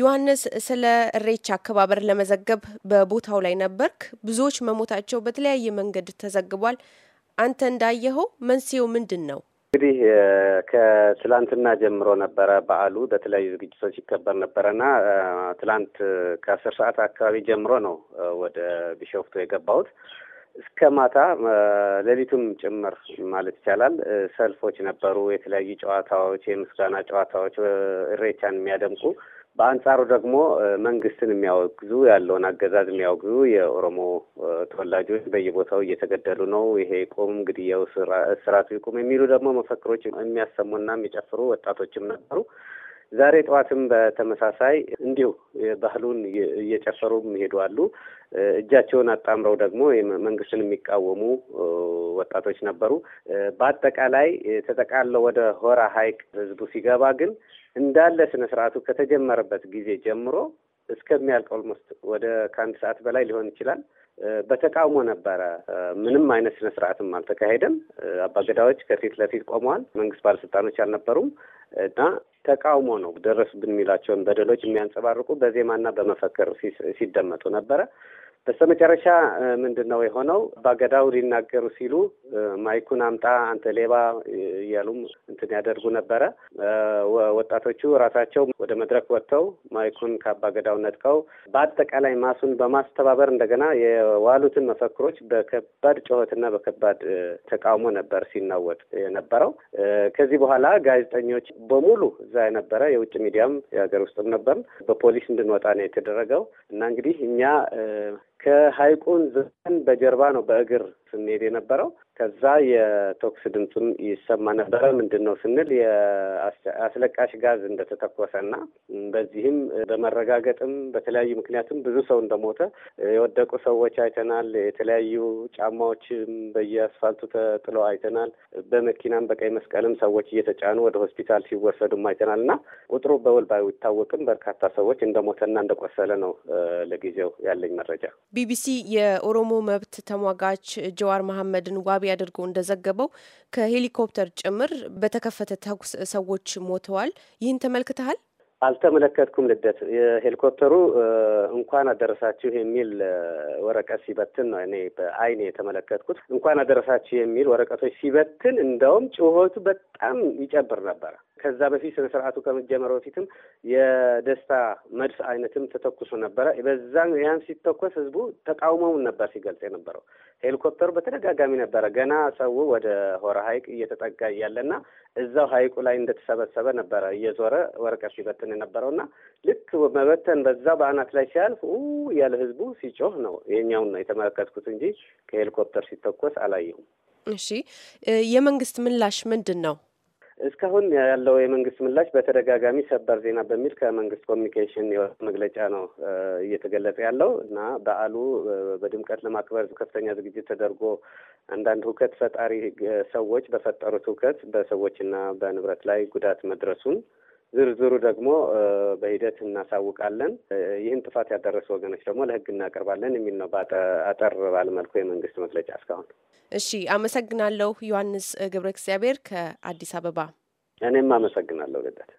ዮሐንስ ስለ እሬቻ አከባበር ለመዘገብ በቦታው ላይ ነበርክ። ብዙዎች መሞታቸው በተለያየ መንገድ ተዘግቧል። አንተ እንዳየኸው መንስኤው ምንድን ነው? እንግዲህ ከትላንትና ጀምሮ ነበረ በዓሉ በተለያዩ ዝግጅቶች ይከበር ነበረና ትላንት ከአስር ሰዓት አካባቢ ጀምሮ ነው ወደ ቢሾፍቱ የገባሁት እስከ ማታ ሌሊቱም ጭምር ማለት ይቻላል ሰልፎች ነበሩ። የተለያዩ ጨዋታዎች፣ የምስጋና ጨዋታዎች እሬቻን የሚያደምቁ በአንጻሩ ደግሞ መንግስትን የሚያወግዙ ያለውን አገዛዝ የሚያወግዙ የኦሮሞ ተወላጆች በየቦታው እየተገደሉ ነው፣ ይሄ ቁም ግድያው፣ እስራቱ ይቁም የሚሉ ደግሞ መፈክሮች የሚያሰሙና የሚጨፍሩ ወጣቶችም ነበሩ። ዛሬ ጠዋትም በተመሳሳይ እንዲሁ ባህሉን እየጨፈሩ የሚሄዱ አሉ። እጃቸውን አጣምረው ደግሞ መንግስትን የሚቃወሙ ወጣቶች ነበሩ። በአጠቃላይ ተጠቃለው ወደ ሆራ ሐይቅ ህዝቡ ሲገባ ግን እንዳለ ስነ ስርዓቱ ከተጀመረበት ጊዜ ጀምሮ እስከሚያልቅ ኦልሞስት ወደ ከአንድ ሰዓት በላይ ሊሆን ይችላል በተቃውሞ ነበረ። ምንም አይነት ስነ ስርዓትም አልተካሄደም። አባገዳዎች ከፊት ለፊት ቆመዋል። መንግስት ባለስልጣኖች አልነበሩም እና ተቃውሞ ነው ደረሱብን የሚላቸውን በደሎች የሚያንጸባርቁ በዜማና በመፈክር ሲደመጡ ነበረ። በስተ መጨረሻ ምንድን ነው የሆነው? ባገዳው ሊናገሩ ሲሉ ማይኩን አምጣ አንተ ሌባ እያሉም እንትን ያደርጉ ነበረ። ወጣቶቹ ራሳቸው ወደ መድረክ ወጥተው ማይኩን ከአባገዳው ነጥቀው በአጠቃላይ ማሱን በማስተባበር እንደገና የዋሉትን መፈክሮች በከባድ ጩኸትና በከባድ ተቃውሞ ነበር ሲናወጥ የነበረው። ከዚህ በኋላ ጋዜጠኞች በሙሉ እዛ የነበረ የውጭ ሚዲያም የሀገር ውስጥም ነበር በፖሊስ እንድንወጣ ነው የተደረገው እና እንግዲህ እኛ ከሀይቁን ዘን በጀርባ ነው በእግር ስንሄድ የነበረው ከዛ የቶክስ ድምፁም ይሰማ ነበረ። ምንድን ነው ስንል የአስለቃሽ ጋዝ እንደተተኮሰ እና በዚህም በመረጋገጥም በተለያዩ ምክንያትም ብዙ ሰው እንደሞተ የወደቁ ሰዎች አይተናል። የተለያዩ ጫማዎችም በየአስፋልቱ ተጥሎ አይተናል። በመኪናም በቀይ መስቀልም ሰዎች እየተጫኑ ወደ ሆስፒታል ሲወሰዱም አይተናል እና ቁጥሩ በውል ባይታወቅም በርካታ ሰዎች እንደሞተና እንደቆሰለ ነው ለጊዜው ያለኝ መረጃ። ቢቢሲ የኦሮሞ መብት ተሟጋች ጀዋር መሐመድን ዋቢ አድርጎ እንደዘገበው ከሄሊኮፕተር ጭምር በተከፈተ ተኩስ ሰዎች ሞተዋል። ይህን ተመልክተሃል? አልተመለከትኩም ልደት። የሄሊኮፕተሩ እንኳን አደረሳችሁ የሚል ወረቀት ሲበትን ነው እኔ በአይኔ የተመለከትኩት። እንኳን አደረሳችሁ የሚል ወረቀቶች ሲበትን እንደውም ጩኸቱ በጣም ይጨብር ነበረ። ከዛ በፊት ስነ ስርዓቱ ከመጀመሩ በፊትም የደስታ መድፍ አይነትም ተተኩሶ ነበረ። በዛን ያን ሲተኮስ ህዝቡ ተቃውሞውን ነበር ሲገልጽ የነበረው። ሄሊኮፕተሩ በተደጋጋሚ ነበረ ገና ሰው ወደ ሆረ ሀይቅ እየተጠጋ እያለና እዛው ሀይቁ ላይ እንደተሰበሰበ ነበረ እየዞረ ወረቀት ሲበትን የነበረው እና ልክ መበተን በዛ በአናት ላይ ሲያልፍ ያለ ህዝቡ ሲጮህ ነው የኛውን ነው የተመለከትኩት እንጂ ከሄሊኮፕተር ሲተኮስ አላየሁም። እሺ፣ የመንግስት ምላሽ ምንድን ነው? እስካሁን ያለው የመንግስት ምላሽ በተደጋጋሚ ሰበር ዜና በሚል ከመንግስት ኮሚኒኬሽን የወጣ መግለጫ ነው እየተገለጸ ያለው እና በዓሉ በድምቀት ለማክበር ከፍተኛ ዝግጅት ተደርጎ አንዳንድ ሁከት ፈጣሪ ሰዎች በፈጠሩት ሁከት በሰዎችና በንብረት ላይ ጉዳት መድረሱን ዝርዝሩ ደግሞ በሂደት እናሳውቃለን። ይህን ጥፋት ያደረሱ ወገኖች ደግሞ ለሕግ እናቀርባለን የሚል ነው አጠር ባለመልኩ የመንግስት መግለጫ እስካሁን። እሺ፣ አመሰግናለሁ ዮሐንስ ገብረ እግዚአብሔር ከአዲስ አበባ። እኔም አመሰግናለሁ ገጠት